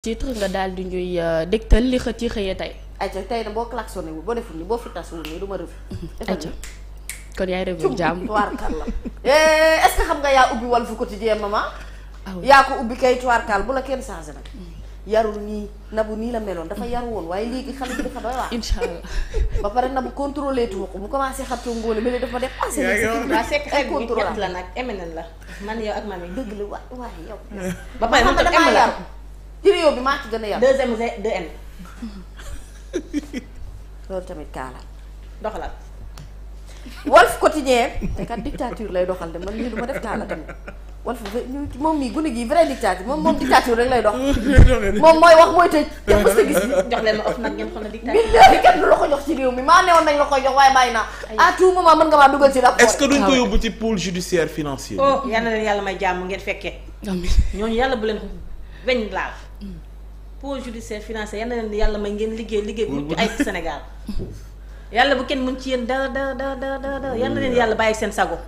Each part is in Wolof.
titre nga daal di ñuy euh, dégtal li xët yi xëyee tey. ayca tey na boo klaxonné wu boo deful nii boo fi tasewul nii du ma rëb. ayca kon yaay rëb yu eh, nga yaa ubbi Walf Quotidien maman. Ah yaa ko ubbi kay tuwaarkal bu la kenn changé nag. yarul nii nabu nii la meloon dafa yar woon waaye léegi xale bi dafa doy waar. incha allah ba pare nabu contrôlé tu ma ko mu commencé xattu ngóole mais dafa def. waaw sekk xel bi ñett la nag MNN la man yow ak mami dëgg la wa waaye yow. ba pare mu toog jërëjëf yow bi maa ci gën a yàgg. deuxième deuxième. loolu tamit kaala doxalaat. Walf quotidien te kat dictature lay de man lii du ma def kaala tamit Walf moom mii gune gi vrai dictature moom moom dictature rek lay dox. moom mooy wax mooy tëj. te mës leen ma of nag ngeen xam ne dictature. billahi kenn mi maa newoon nañ la ko jox waaye bàyyi naa. à tout ko ah yóbbu ci pôle judiciaire financier. oh yal na leen yàlla may jàmm ngeen fekkee. amiin ñooñu yàlla bu leen weñ laal. pour judiciaire financier yal na leen yàlla may ngeen liggéey liggéey bu mucc ayib Sénégal yàlla bu kenn mën ci yéen dara dara dara dara yal na leen yàlla bàyyi seen sago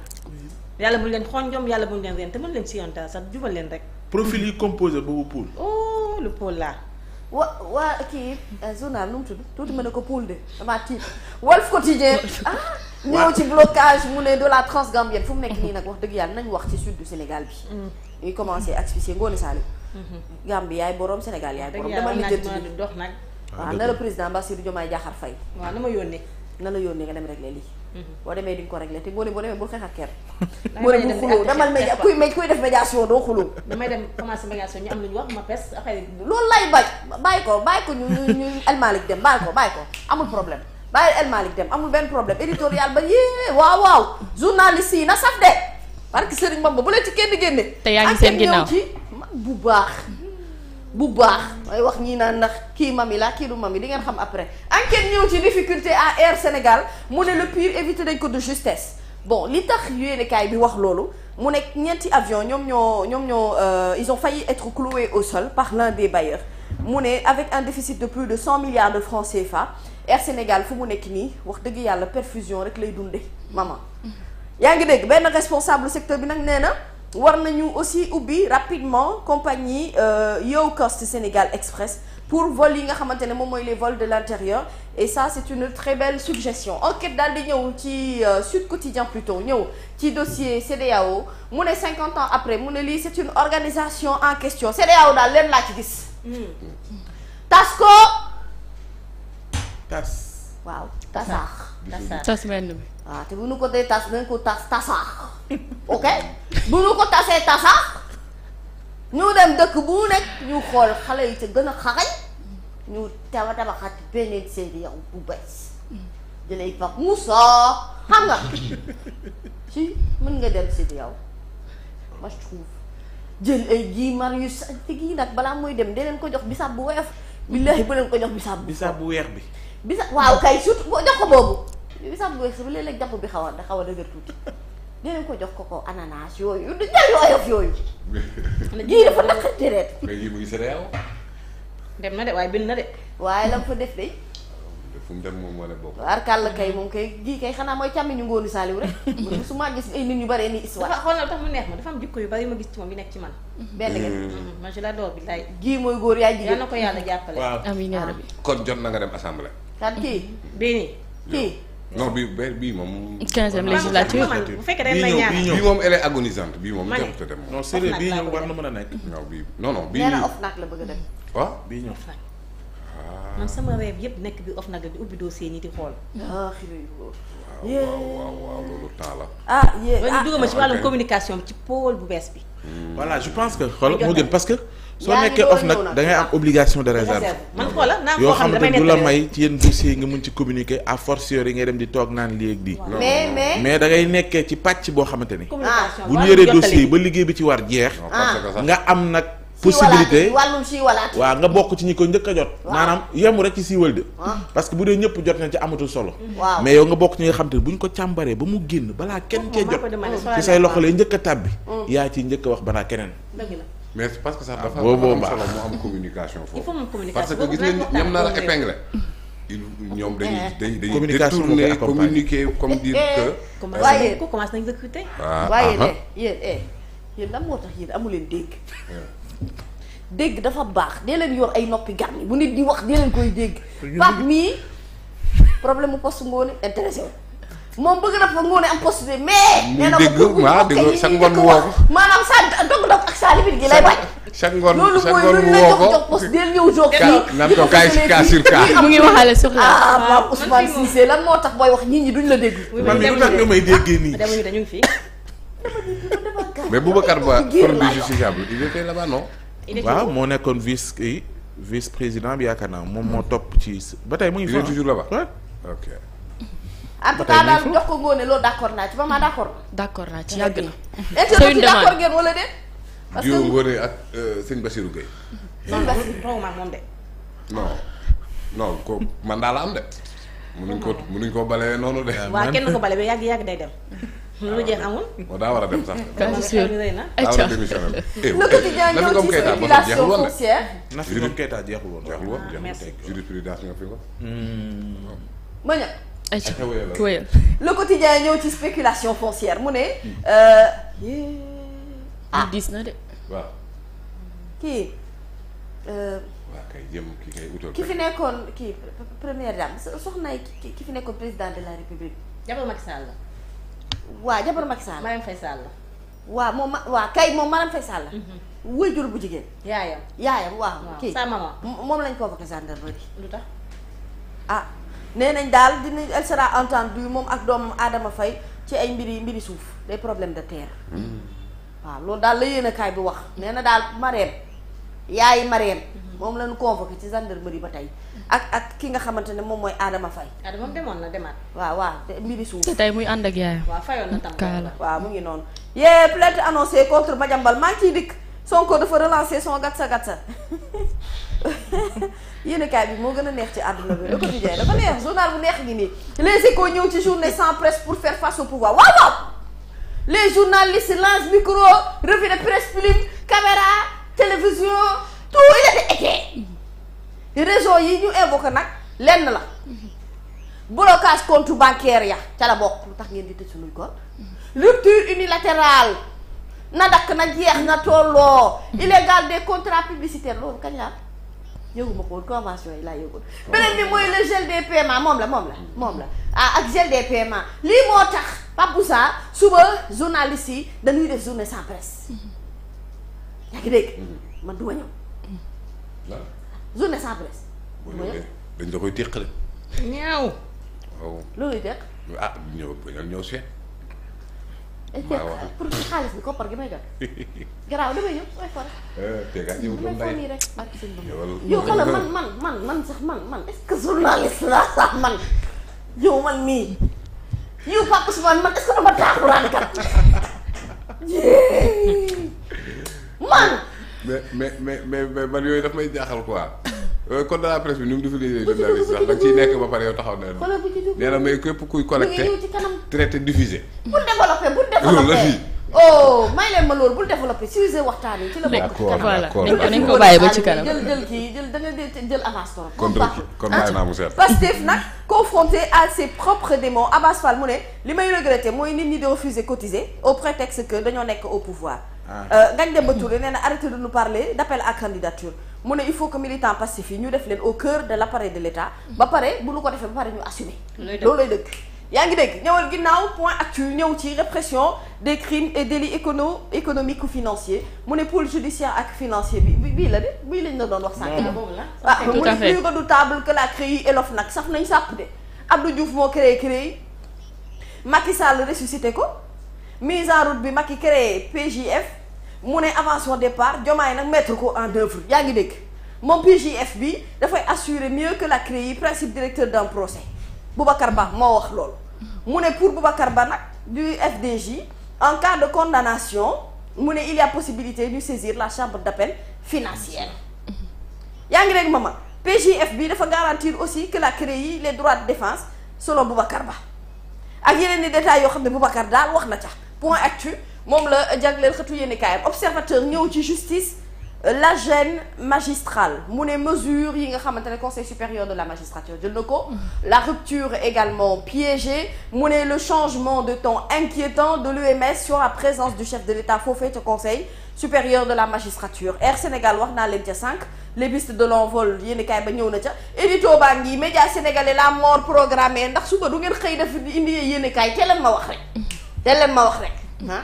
yàlla buñ leen xonjom yàlla buñ leen ren te mën leen ci yoon dara sax jubal leen rek. profil yi composé boobu pôle. oh le pôle là. wa waa kii euh, journal nu mu tudd tuuti ma ne ko pôle de damaa tiit Walf Quotidien ah. ñëw ci blocage mu ne de la transgambienne fu mu nekk nii nag wax dëgg yàlla nañu wax ci sud du Sénégal bi. Mm. ñuy commencé ak fii Ngoné Saliou Gambie yaay borom Sénégal yaay borom dama lijjanti di dox nag ah, waaw na la président Bassirou Diomaye Diakhar Faye waaw na ma yónnee na la yónnee nga dem régler lii mhm. boo demee di ko réglé te boo ne boo demee bul xeex ak kenn boo demee bul xuloo damal média kuy méj kuy def médiation doo xuloo damay dem commencé médiation ñu am lu wax ma pes après loolu lay bañ bàyyi ko bàyyi ko ñu ñu El Malick dem bàyyi ko bàyyi ko amul problème bàyyi El dem amul benn problème éditorial ba yee waaw waaw journaliste yi na saf de parce que Serigne Bamba bu leen bu baax bu baax mooy wax ñii naan ndax kii mami laa kii du mami di ngeen xam après enquête ñëw ci difficulté à Air Sénégal mu ne le pire évité nañ ko de justesse bon li tax yéenekaay bi wax loolu mu nekk ñeenti avion ñoom ñoo ñoom ñoo euh, ils ont failli être cloués au sol par l'un des bailleurs mu ne avec un déficit de plus de cent milliards de francs CFA Air Sénégal fu mu nekk nii wax dëgg yàlla perfusion rek lay dunde maman mm-hmm. yaa ngi dégg benn responsable secteur bi nag nee na war nañu aussi ubbi rapidement compagnie euh, yow Cost Sénégal Express pour vol yi nga xamante ne moom mooy les vols de l'intérieur et ça c'est une très belle suggestion enquête daal di ñëw ci euh, Sud Quotidien plutôt ñëw ci dossier CEDEAO mu ne 50 ans après mu ne li c'est une organisation en question CEDEAO daal len laa ci gis. Hmm. tas waaw ah, te bu nu ko dee tas nañ ko tas tasaax ok bu nu ko tasee tasaax ñu dem dëkk bu nekk ñu xool xale yi te gën a xarañ ñu taba tabaxat beneen série yow bu bees jëlay Pape Moussa xam nga si mën nga dem série yow ma trouve jël ay Guy Marius te gii nag balaa mooy dem dee leen ko jox bisaab bu woyof billaahi ba leen ko jox bisaab bu bu weex bi bisaab waaw kay surtout ko boobu yow isam bu weex si bi léeg bi xaw a da xaw a dëgër tuuti dinañ ko jox ko ko ananas yooyu du jar yu oyof yooyu. jii dafa naqari dem na de waaye bind na de. waaye la mu fa def de. fu mu dem moom wala boobu. waaw kàll kay xanaa mooy càmmiñu ngóonu saaliw rek. man su ma gis nit ñu bare ni histoire. dafa ma dafa am jikko yu bari ma gis ci moom yi nekk ci man. Mm-hmm. benn ngeen. Mm-hmm. Mm-hmm. man je l'adore gii mooy góor yaay jigéen na ko yàlla jàppale. waaw amiin yaa rabbi kon jot na nga dem assemblée. kan kii. bii nii kii. non bi bii moom. 15e législature bu fekkee bii moom elle est bii moom. jaxut a dem moom non bii ñoom war mën a nekk. non bii non non nag la bëgg dem. waaw bii ñoom. Ah. man sama rêve yëpp nekk bi of nag di ubbi dossier ñi di xool. ah waaw waaw la. ah, ah. ci wàllum ah, communication ci pôle bu bees bi. Hmm. voilà je pense que xool moo gën parce que. soo nekkee off nag da ngay am obligation de réserve. man xoola yoo xam ne du la may ci yenn dossiers yi nga mun ci communiqué à force yooyu yi ngay dem di toog naan lii ak mais dangay nekkee ci pàcc boo xamante ni. communication bu ñu yoree dossier ba liggéey bi ci war jeex. nga am nag. possibilité wàllum siiwalaate waaw nga bokk ci ñi ko njëkk a jot maanaam yemu rek ci siiwal de ah. parce que bu dee ñëpp jot nañ ci amatul solo mm-hmm. mais yow nga bokk ci ñi nga xam bu ñu ko càmbaree ba mu génn balaa kenn cee jot ci say loxo lay njëkk a tàbbi mm. yaa ci njëkk wax banaa keneen mais parce que sax ah, dafa am solo mu am communication parce que gis nga ñam naa la épingle ñoom dañuy eh. dañuy détourner communiquer comme dire eh, eh. que waaye ko commencé nañ recruter ah, waaye de yéen yéen lan moo tax yéen amu leen dégg dégg dafa baax dee leen yor ay noppi garmi bu nit ñi wax dee koy dégg Pape mii problème mu poste ngoone intéressé moom bëgg na fa ngoone am poste de mais nee na ko waaw dégg chaque ngoon mu sa dog-dog sa limite gi lay bañ chaque ngoon loolu mooy lu ñu la jox jox poste deel ñëw jox mu ngi waxaale soxla ah Pape Ousmane Cissé lan moo tax booy wax nit ñi duñ la dégg man mi lu tax nga may déggee nii fii mais Boubacar Ba forum du justiciable il était là-bas non. waaw moo nekkoon vice kii vice président bi yaakaar naa moom moo topp ci ba tey mu ngi. il est toujours naa ci vraiment d' accord. naa ci yàgg na. c'est une demande d' accord ngeen wala déet. parce que diw ngóone ak euh, sëñ Bassirou Gueye. non non ko man daal la am de. mënuñ ko mënuñ ko balee noonu de. waaw kenn ko balee ba yàgg yàgg day dem. loolu jeex amul. waaw daa war a dem sax. bien sûr daa a démissionné. na eh, eh, ko ci jaay foncière. na fi moom Keita jeexul woon. jeexul woon jeexul jurisprudence nga fi ko. ma ñëw. ayca wéyal le quotidien ñëw ci spéculation foncière mu ne. Hmm. Euh, ah diis na de. kii. Euh, waaw kay jëm ki kay utal. ki fi nekkoon kii première dame soxnaay ki fi nekkoon président de la république. jabar Macky Sall la. waa jabaru ma Sall. Marème Faye Sall. waaw moom waa kay moom Marème Faye Sall. Mhm. wëjur bu jigéen. yaayam waa waaw. kii sa ma moom lañ koo convoqué gendarmerie. lu tax ah nee nañ daal dinañ elle sera entendue moom ak doomam Adama fay ci ay mbiri mbiri suuf des problème de terre. Mhm. waaw loolu daal la yéen a kaay bi wax nee na daal Marème. yaay Mariam moom lañu convoqué ci gendarmerie ba tey ak ak ki nga xamante ne moom mooy Adama Faye Adama demoon na demaan waaw waaw mbiri suuf te tey muy ànd ak yaayam waaw fayoon na tam waaw mu ngi noonu yee plainte annoncée contre Madiambal maa ngi ciy dikk Sonko dafa relancer son gatsa gatsa yéen kaay bi moo gën a neex ci àdduna bi Le Quotidien dafa neex journal bu neex gi nii les échos ñëw ci journée sans presse pour faire face au pouvoir waaw les journalistes lancent micro revue de presse télévision tout il a été réseau yi ñu évoqué nag lenn la blocage compte bancaire ya ca bokk lu tax ngeen di tëj suñuy compte rupture unilatérale na dakk na jeex na tolloo illégal des contrats publicitaires loolu kañ la yëguma ko woon convention yi laa yëgoon beneen bi mooy le gel des paiements moom la moom la moom la ah ak gel des paiements lii moo tax Pape Boussa suba journaliste yi dañuy def journée sans presse yaa ngi dégg. Mhm. man du ma ñëw. waaw. journée sans presse. du ma ñëw dañ la koy teqale. ñaaw. waaw loolu teq. ah ñëw ñëw ñëw seet. waaw eh, waaw pour xaalis bi koppar gi may jot. garaaw damay ñëw ooy far. tey kat yow doon bàyyi rek barki sëñ bi yow man man man man sax man man est-ce que journaliste man yow man mii yow Papa Ousmane man est-ce que dama taaxuraan kat. man. mais mais mais mais man yooyu daf may jaaxal quoi. kon euh, de la presse bi ni mu diffusé journaliste sax da nga ciy nekk ba pare yow taxaw na nee na mais képp kuy collecté traité diffusé. bul développé bul développé oh may leen ma loolu bul développé sujet waxtaan yi ci la bokk ci kanam voilà nañ ko bàyyi ba ci kanam jël jël kii jël da nga jël avance trop kon kon bàyyi naa mu seet Pastef nag confronté à ses propres démons Abass Fall mu ne li may regretté mooy nit ñi di refuser cotiser au prétexte que dañoo nekk au pouvoir Euh, Ngagne Demba Touré nee na arrêté de nous parler d' appel à candidature mu ne il faut que militant passif yi ñu def leen au cœur de l' appareil de l' ba pare bu ñu ko defee ba pare ñu assumer loolu lay dëgg yaa ngi dégg ñëwal ginnaaw point actu ñëw ci répression des crimes et délits écono économique ou financier mu ne poul judiciaire ak financier bi bii la de bii lañ la doon wax sànq waaw ah, mu ne plus redoutable que la CREI et l'OFNAC sax nañ sàpp de Abdou Diouf moo créé CREI Macky Sall ressuscité ko mise en route bi mag Macky créé PJF mu ne avantion son départ Diomaye nag mettre ko en œuvre yaa ngi dégg moom PJF bi dafay assurer mieux que la yi principe directeur d'un procès Boubacar Ba moo wax loolu mu ne pour Boubacar Ba nag du FDJ en cas de condamnation mu ne il y a possibilité de saisir la chambre d'appel financière yaa ngi dégg mama PJF bi dafa garantir aussi que la CREI les droits de défense selon Boubacar Ba ak yeneen ni détails yoo xam ne Boubacar daal wax na ca point actu moom la jagleel xëtu yéene kaayam observateur ñëw ci justice euh, la gêne magistrale mu ne mesure yi nga xamante ne conseil supérieur de la magistrature jël na ko la rupture également piégée mu ne le changement de ton inquiétant de l'UMS sur la présence du chef de l'État foofee ca conseil supérieur de la magistrature Air Sénégal wax naa leen ca sànq les pistes de l'envol yéeni kaay ba ñëw na ca édito baa ngi média sénégalais la mort programmée ndax suba du ngeen xëy def indi yéeni kaay te ma wax rek del leen ma wax rek ah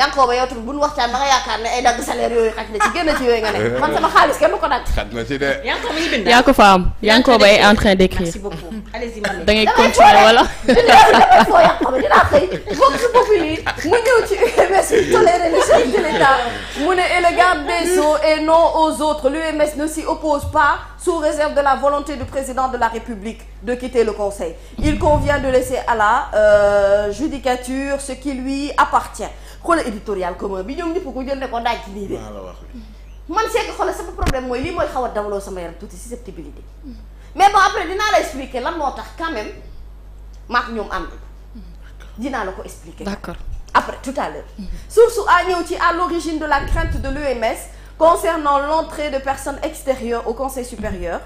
Yankhoba yow tamit bu nu waxtaan ba nga yaakaar ne ay dagg salaire yooyu xaj na ci génn ci yooyu nga nekk man sama xaalis kenn du ko dagg. xaj fa am Yankhoba est en train d'écrire. merci beaucoup allez-y da ngay continuer wala. dinañ foo Yankhoba dinaa xëy ci bopp lii mu ñëw ci UMS bi mu ne et des Sceaux et non aux autres l'UMS ne s'y oppose pas. sous réserve de la volonté du président de la République de quitter le Conseil. Il convient de laisser à la euh, judicature ce qui lui appartient. xoolal bi ñoom ñëpp ko jëndee ko daaj ci lii de. man seeg xoolal sama problème mooy lii mooy xaw a dawloo sama yaram tuuti susceptibilité. mais bon après dinaa la expliquer lan moo tax quand même maak ñoom ànd. dinaa la ko expliquer. d'accord après tout à l'heure source a ñëw ci à l'origine de la crainte concernant l'entrée de personnes extérieures au conseil supérieur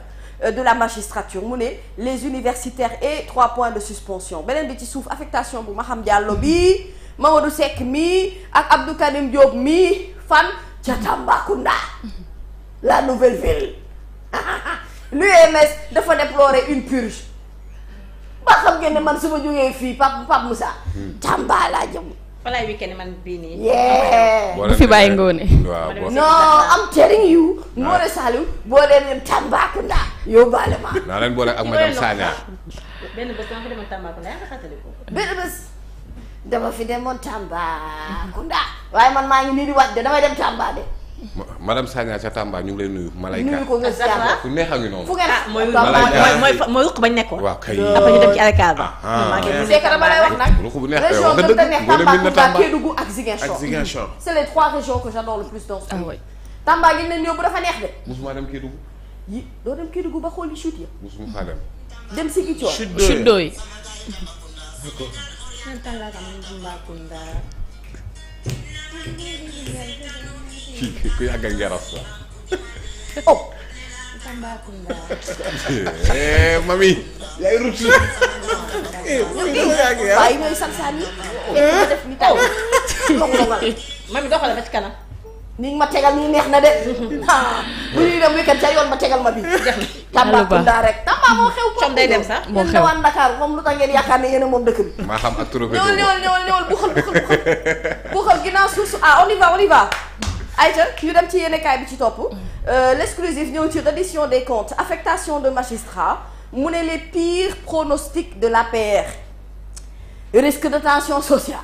euh, de la magistrature mu ne les universitaires et trois points de suspension beneen bi ci suuf affectation bu Maham Diallo bi Mamadou Seck mi ak Abdou Karim Diop mi fan ca Tambacounda la nouvelle ville l'UMS dafa déplorer une purge ba xam ngeen ne man su ma jógee fii Pape Pape Moussa hmm. Tamba laa jëm walaay weekend man bii nii. fi bàyyi ngoone. waaw boo am telling you. Ngoone Saliou boo leen dem Tambacounda yóbbaale ma. naa leen boole ak madame Sagna. benn bés dama fi demoon Tambacounda yaa ngi xatali ko. benn bés dama fi demoon waaye man maa ngi nii di wax de damay dem Tamba de. madame Sagna ca Tamba ñu ngi lay nuyu. Malayka nuyu ko neex a ngi noonu. fu ngeen ah mooy mooy ruq bañ nekkoon. waaw kay après ñu dem ci alkaar ba. Ah, ah. maa ngi lay wax nag ruq bu neex kay ak Ziguinchor. ak Ziguinchor. c'est le plus dans ce pays. Tamba dafa neex de. musuma dem Kédougou. yi doo dem Kédougou ba xooli chute ya. musuma dem. dem si Gicoor chute doy chute kii ku yàgg ak yaras la. oh. Tambacounda. mami. yaay ruut la. waaye ñooy sansaan yi. Eh. def ni taw. mami doxale ba ci kanam. ni ma tegal nii neex na de. Ah. bu ñuy dem weekend ca yoon ma tegal ma bi Tambacounda rek. Tamba moo xew moom day dem sax. moo xew waan Dakar moom lu tax ngeen yaakaar ne yéen moom dëkk bi. maa xam ak trop. ñëwal ñëwal ñëwal ñëwal buxal buxal buxal ginnaaw suuf ah on y va on y va. ayca ñu dem ci yéenekaay bi ci topp euh, l'exclusif ñëw ci reddition des comptes affectation de magistrats mu ne les pires de la l'APR risque de tension sociale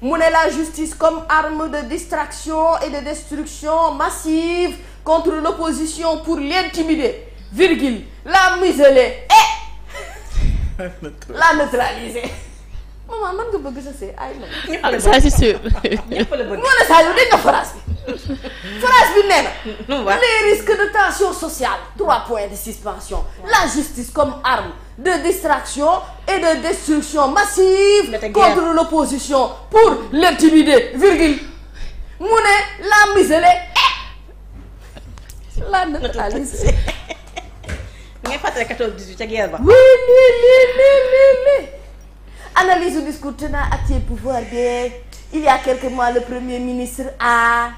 mu ne la justice comme arme de distraction et de destruction massive contre l'opposition pour l'intimider virgule la museler et la neutraliser Oh, maman man nga bëgg sa see ay man. ñëpp la ah, ça c'est sûr. ñëpp la bëgg mën a saa de tension sociale. trois points de suspension. la justice comme de distraction et de destruction massive. contre l'opposition pour l'intimider virgule. mu ne la museler et la neutraliser. nga fàttali 14 18 ca guerre ba. oui analyse du discours tenant ak ci pouvoir bi il y a mois le premier ministre a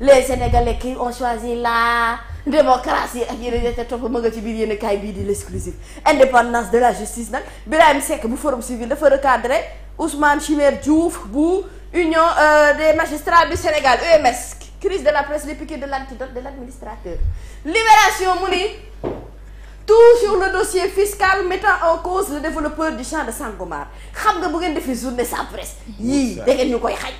les sénégalais qui ont choisi la démocratie ak yeneen yeneen topp ma ci biir yenn kaay bii di l'exclusive indépendance de la justice nag Birahim Seck bu forum civil dafa recadrer Ousmane Chimère Diouf bu union euh, des magistrats du Sénégal UMS crise de la presse les piquets de l'antidote de l'administrateur libération mu tout sur le dossier fiscal mettant en cause le développeur du champ de Sangomar xam nga bu ngeen defee journée sans presse yii da ngeen ñu koy xaj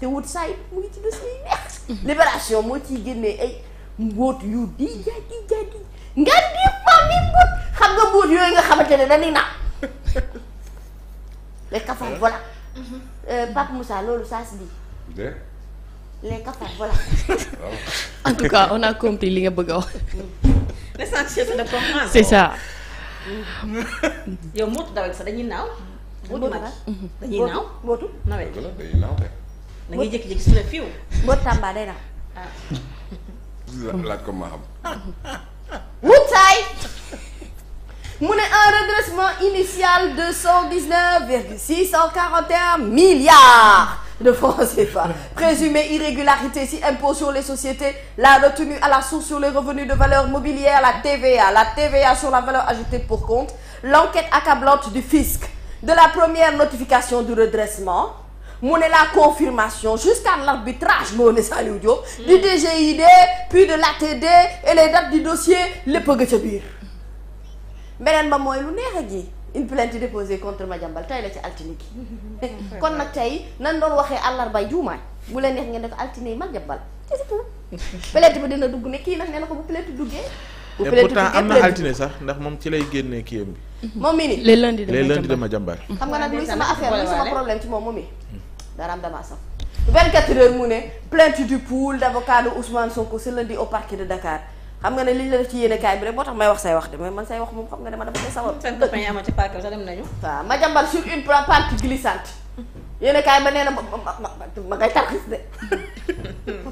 te wut saa mu ngi ci dossier yi neex libération moo ciy génnee ay mbóot yu di jaay di nga di maam yi mbóot xam nga mbóot yooyu nga xamante ne dañuy naaw les cafards voilà euh, Pape Moussa loolu saa si di les cafards voilà en tout cas a li nga bëgg a wax mm. l'essentiel c'est de comprendre. c'est ça. yow naaw. mootu mag dañuy naaw mootu mhm. nawet. dañuy naaw ne un redressement initial de cent dix six cent quarante et un de francs CFA. Présumée irrégularité si impôt sur les sociétés, la retenue à la source sur les revenus de valeur mobilière, la TVA, la TVA sur la valeur ajoutée pour compte, l'enquête accablante du fisc, de la première notification du redressement, mu ne la confirmation jusqu'à l'arbitrage moo ne Saliou mm. du DGID puis de l'ATD et les dates du dossier lépp a nga ca biir beneen ba mooy lu une plainte déposée contre Madiambal tey la ci altine gi kon nag tey nan doon waxee àllarbay juumaay bu leen neex ngeen def altine yi Madiambal c'est tout plainte ba dina dugg ne kii nag nee na ko bu plainte duggee bu plainte pourtant am na altine sax moom ci lay génnee kii bi moom mi ni les lundis de les xam nga nag luy sama affaire luy sama problème ci moom moom mi hmm. daraam damaa saf 24 heures mu ne plainte du pool d'avocat de Ousmane Sonko ce lundi au parquet de xam nga ne liñ la def ci yéene kaay bi rek moo tax may wax say wax de mais man say wax moom xam nga ne ma dama cee sawar. bi sax dem nañu. waaw ma jàmbal sur une partie glissante yéene kaay ba nee ma ngay tarxis de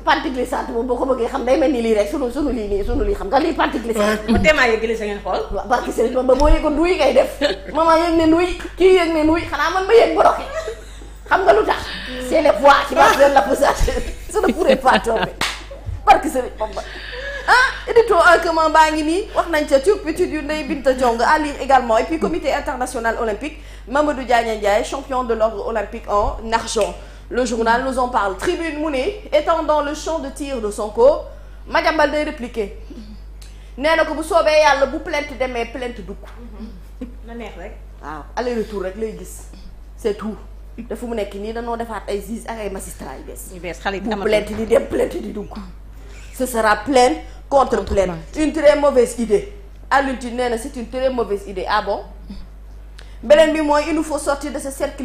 partie glissante moom boo ko bëggee xam day mel ni lii rek sunu sunu lii nii sunu lii xam nga lii partie glissante. ma téemaa yëg glissé ngeen xool. waaw barki sëriñ ba boo yëgoon nuy ngay def maman ne nuy kii ma yëg boroxi xam la poussée su ne pourrait pas tomber barki sëriñ ba ah édito en euh, commun baa ngi nii wax nañ ca turpitude yu Ndeye Binta Diong à lire également et puis comité international olympique Mamadou Diagne Ndiaye champion de l'ordre olympique en argent le journal nous en parle tribune mu ne étant dans le champ de tir de Sonko Madiambal day répliquer nee na ko bu soobee yàlla bu plainte demee plainte dugg na neex rek waaw aller retour rek lay gis c'est tout dafa mu nekk nii danoo defaat ay juges ak ay magistrats yu bees yu bees xale bu plainte dem plainte di dugg ce sera plainte contre plainte une très mauvaise idée Alioune Tine nee na c'est une très mauvaise idée ah bon beneen bi mooy il nous faut sortir de ce cercle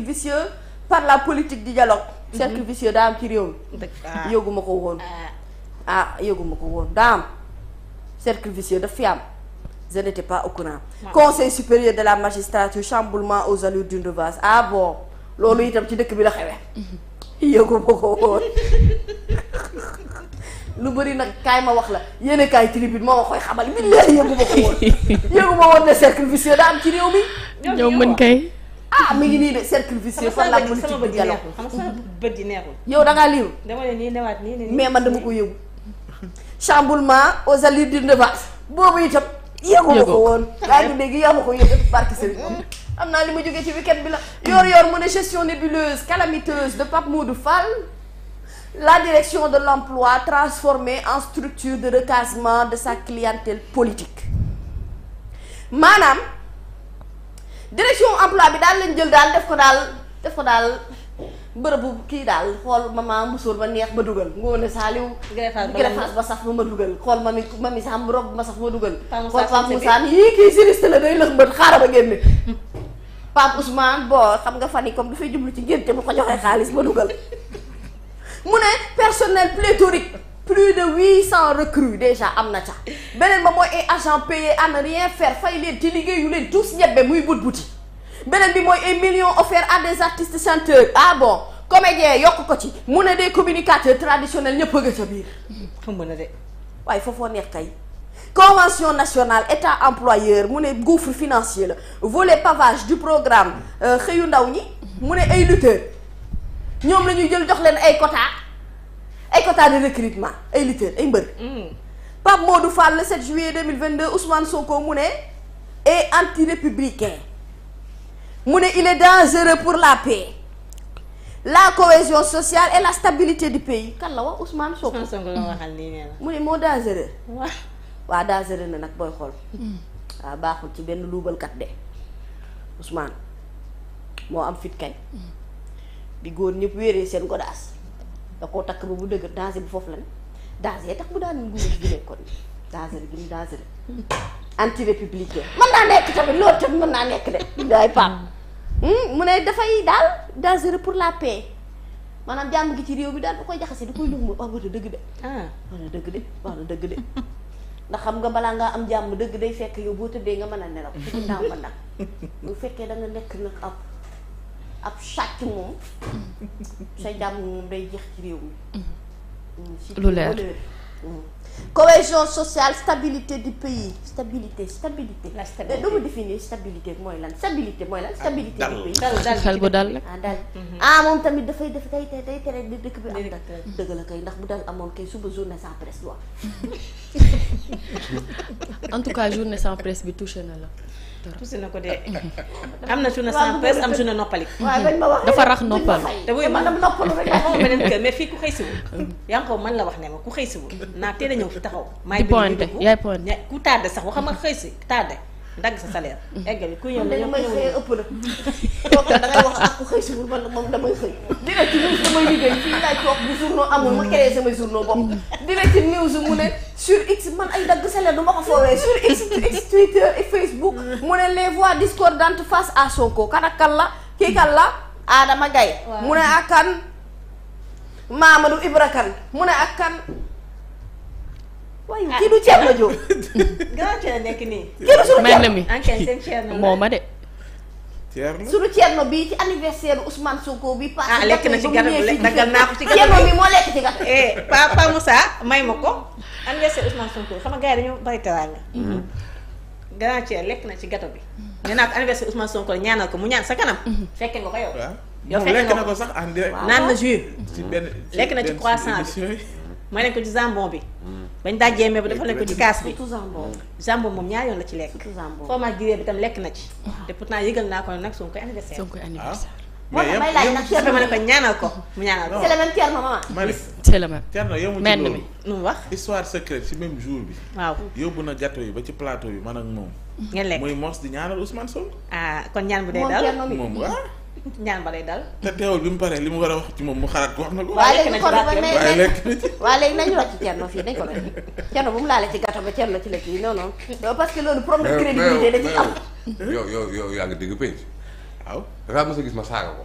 par la politique di dialogue mhm. cercle vicieux daa am ci réew mi ah, yëguma ko woon a ah. ah, yëguma ko woon daa am cercle vicieux daf fi am je n'étais pas au courant conseil supérieur de la magistrature chamboulement aux allures d'une revanche ah bon loolu itam ci dëkk bi la xewee mhm. yëguma ko woon lu bëri nag kaay ma wax la yéen kaay tribune moo ma koy xamal billahi yëgu ko woon yëgu woon ne cercle vicieux am ci réew mi. ñoom mën kay. ah mi ngi nii de cercle vicieux fan laa mën a ci bëgg yàlla xam nga bët yi mais man dama ko yëgu chamboulement aux allures d'une devache boobu itam yëgu ma ko woon daa ngi dégg yaa ko yëg barki sëriñ am naa li ma jógee ci week-end bi la yor yor mu ne gestion nébuleuse calamiteuse de Pape Modou Fall la direction de l'emploi transformé en structure de recasement de sa clientèle politique maanaam direction emploi bi daal lañ jël daal def ko daal def ko daal bërëbu kii daal xool mama musóor ba neex ma dugal ngoone saaliw greffage ba saf ba ma dugal xool ma ma dugal xool Pape Moussa yii kii siriste la day lëx mbët xaaral ba génne Pape boo xam nga fan yi comme dafay jublu ci ngénte mu ko joxee xaalis ma dugal mu ne personnel pléthorique plus de huit cent recrues déjà am na ca beneen ba mooy ay agents payés à rien faire fay leen ci liggéeyu leen tous ñebbe muy but buti beneen bi mooy ay million offerts à des artistes chanteurs ah bon comédiens yokk ko ci mu ne des communicateurs traditionnels ñëpp a nga ca biir. xam de waaye foofoo neex kay. convention national état employeur mu ne gouffre financier la volet pavage du programme euh, xëyu ndaw ñi mu ne ay lutteurs. ñoom la ñuy jël jox leen ay quota ay quota de recrutement ay lutteurs ay mbër. Mm. Pape Modou Fall le 7 juillet 2022 Ousmane Sonko mu ne est anti-républicain mu ne il est dangereux pour la paix la cohésion sociale et la stabilité du pays kan la wax Ousmane Sonko. Ousmane Sonko la waxal nii nee mu ne moo dangereux. waaw waaw dangereux na nag booy xool. Mm. waaw baaxul ci benn luubalkat de Ousmane moo am fit kañ. Mm. bi góor ñëpp wéeree seen godaas da koo takk ba bu dëgër danger bi foofu la ne danger tax mu daan ñu gunóor gi nekkoon danger gi mu danger anti républicain mën naa nekk tamit loolu tamit mën naa nekk de daay paam hmm, mu ne dafay daal danger pour la paix maanaam jàmm gi ci réew mi daal da koy jaxase da koy lëg mu war na dëgg de ah. war na dëgg de war na dëgg de ndax xam nga balaa ngaa am jàmm dëgg day fekk yow boo tëddee nga mën a nelaw ci ginnaaw mën nag bu fekkee da nga nekk nag ab ab chaque moom sa jàmm moom day jeex ci réew mi mm-hmm. Mm-hmm. lu leer mm-hmm. cohésion sociale stabilité du pays stabilité stabilité. la stabilité euh, dama stabilité mooy lan stabilité mooy lan. Ah, stabilité du pays xel bu dal ah dal. ah moom tamit dafay def day day tere di dëkk bi am dal. dëgg la kay ndax bu dal amoon kay suba journée sans presse du en tout cas journée sans presse bi touché na la. tuuti na ko dee. Ah. am na suuna sans peur am suuna noppalik. dafa rax noppal. te wuyu ma noppalu rek moom beneen kër mais fii ku xëy si wul. yaa ngi man la wax ne ma ku xëy si wul naa teel a ñëw fi taxaw. maay di pointé yaay pointé ku tardé sax waxama xëy si tardé. dagg sa salaire. Mm-hmm. eggali ku ñëw dañoo may xëy ëpp na. kooku da ngay wax ak ku xëy suur man moom damay xëy. direct news damay liggéey fii laay toog bu journaux amul ma créé samay journaux bopp. Mm-hmm. direct news mu ne sur X man ay dagg salaire du ma ko foowee sur X X Twitter et Facebook. Mm-hmm. mu ne les voix discordantes face à Sonko kan kan la kii kan la Adama Gaye mu ne ak kan Mamadou Ibra Kane mu ne ak kan. waaye kii du Thierno Diop. grand Thierno nekk nii. kii du sunu Thierno mi moo ma de. Thierno sunu Thierno bii ci anniversaire Ousmane Sonko bi. paase lekk na ci garab dagal naa ko ci garab Thierno mi ko anniversaire Ousmane Sonko xam nga gars yi dañoo lekk na ci gato bi. nee naa ko anniversaire Ousmane Sonko ñaanal ko mu ñaan sa kanam. fekke nga ko yow. yow fekke naan na jus. lekk na ci croissant bi. ma ne ko ci jambon bi. Mm. bañ dajee mais bu dafa nekk ko ci kaas bi. surtout mm. moom ñaar yoon la ci lekk. surtout jambon fromage gruyère bi tam lekk na ci. Ah. te pourtant yëgal naa ko nag soo koy anniversaire. soo koy anniversaire. Ah. mais yëpp mu ne c'est le même. Thierno yow mu ci loolu nu mu wax. histoire secrète ci même jour bi. waaw yóbbu na gâteau yi ba ci plateau yi man ak moom. nga lekk muy mos di ñaanal Ousmane Sonko. ah kon ñaan bu dee daal moom Thierno ah. ñaan ba lay dal. te teewul bi mu paree li mu war a wax ci moom mu xalaat ko wax na ko. waaye léegi kon ba mais waaye léegi. waaye nañu rocc Thierno fii dañ ko rocc bu mu laalee ci gâteau ba Thierno ci la kii non parce que loolu problème de crédibilité dañuy am. yow yow yow yaa ngi dégg pénc. waaw dafa mos a gis ma saaga ko.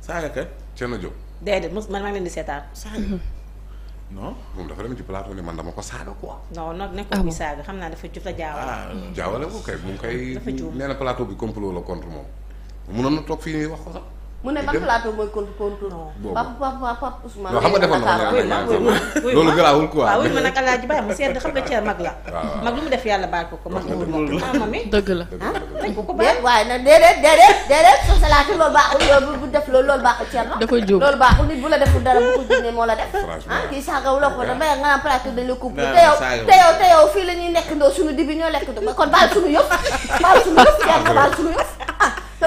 saaga kat Thierno Diop. déedéet mos man maa ngi leen di seetaan. saaga mm-hmm. non. moom dafa dem ci plateau ne man dama ko saaga quoi. non non nekkul ah saaga xam naa dafa jub sa jaawale. ah jaawale ko kay mu ngi koy. dafa jub nee na bi complot la contre moom mënoon na toog fii nii wax ko sax. mu ne ban plateau mooy contre contre. boobu Pape loolu garaawul ah la. Ah. mag lu mu def ko ko. mag ah, la. ko ko baal waaye nag déedéet déedéet déedéet soo salaati loolu baaxul loolu bu def loolu baaxul cër la. dafa jóg loolu baaxul nit bu la deful dara bu ko jógee moo la def. kii saagaw ko da bay nga naan plateau dañ la coupe. te yow fii la ñuy lekk ndoo suñu dibi ñoo lekk ndoo kon baal suñu yëpp baal suñu yëpp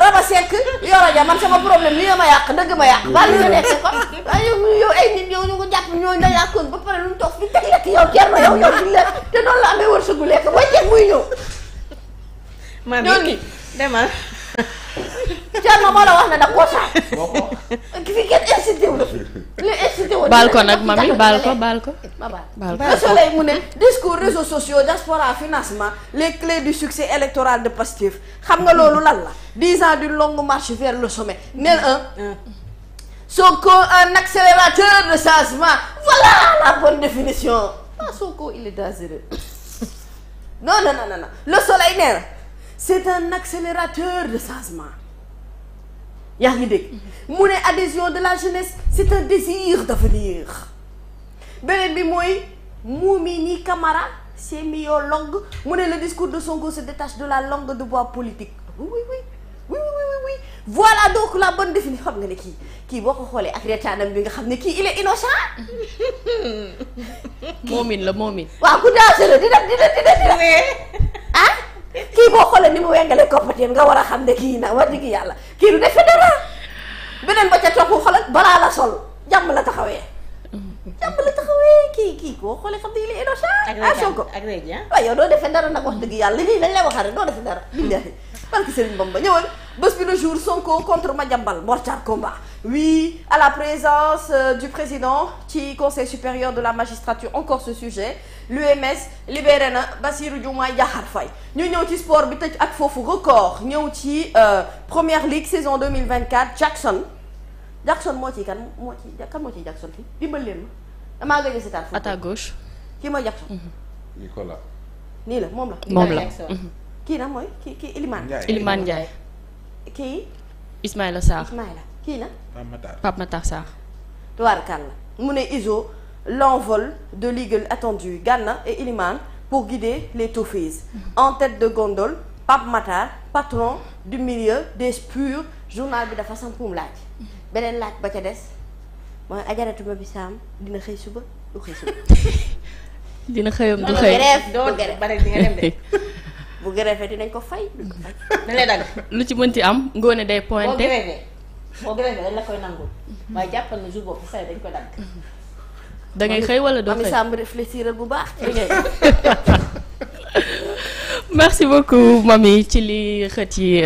Raba Seck Yoro Dia man sama problème li ma yàq dëgg ma yàq ba li nga nekk ko waaye yow ay nit yow ñu ko jàpp ñooñu la yàqoon ba pare lu mu toog fi teg lekk yow kenn yow yow di lekk te noonu la amee wërsëgu lekk booy jeeg muy ñëw. ñooñu demal. Thierno wax ne da koo saal. fi kenn incité wu la. lu incité wu baal ko nag mami baal ko baal ko. baal ko soleil mu discours réseaux sociaux diaspora financement les clés du succès électoral de Pastef xam nga loolu lan la dix ans d'une longue marche vers le sommet neel un. Sonko un accélérateur de changement voilà la bonne définition ah Sonko il est dangereux non non non non le soleil nee na c'est un accélérateur de changement. yaa ngi dégg mu ne adhésion de la jeunesse c'est un désir d'avenir beneen bi mooy ni Camara sémiologue mu ne le discours de Sonko se détache de la langue de bois politique oui oui oui oui oui oui voilà donc la bonne définition xam nga ne kii kii boo ko xoolee ak reetaanam bi nga xam ne kii il est innocent. moomin la moomin. waaw ku dangereux dina dina dina dina. ah kii boo xoolee ni mu wéngalee koppatee nga war a xam ne kii na wax dëgg yàlla. beneen ba ca topp xoolal balaa la sol jàmm la taxawee. jàmm la taxawee kii kii koo xoolee xam ne il est innocent. ak ah, Sonko ak ah. yow doo defee dara nag wax dëgg yàlla lii lañ lay waxal rek doo defee dara. Mm. barki Serigne Bamba ñëwal bés bi le jour Sonko contre Madiambal mortal combat oui à la présence euh, du président ci conseil supérieur de la magistrature encore ce sujet l'UMS libéré na Bassirou Diomaye Diakhar Faye ñu ñëw ci sport bi tëj ak foofu record ñëw ci euh, première ligue saison 2024 Jackson Jackson moo ciy kan moo ci kan moo ciy Jackson fii dimbal leen ma damaa gëj a seetaan. à ta gauche. kii mooy Jackson. Mhm. nii la moom la. moom la mhm. kii nag mooy kii kii Ilimane. Ndiaye Ilimane kii. Ismaïla Sarr Ismaïla kii nag. Pape Matar Pape Matar Sarr. Tubaarkàlla mu ne ISO l'envol de l'Eagle attendu Gana et Ilimane pour guider les toufies. Mhm. en tête de gondole Pape Matar patron du milieu des purs journal bi dafa sampum laaj. beneen laaj ba ca des mooy ajaratuma bi saam dina xëy suba du xëy suba. dina xëyam du xëy di nga bu grève dinañ ko fay duñ ko fay. lu ci mënti am ngoone day pointé foo grève boo grève dañ koy nangul waaye jàppal na jour boobu fay dañ ko dagg. da ngay xëy wala doo xëy bu baax. merci beaucoup mami ci li xët yi.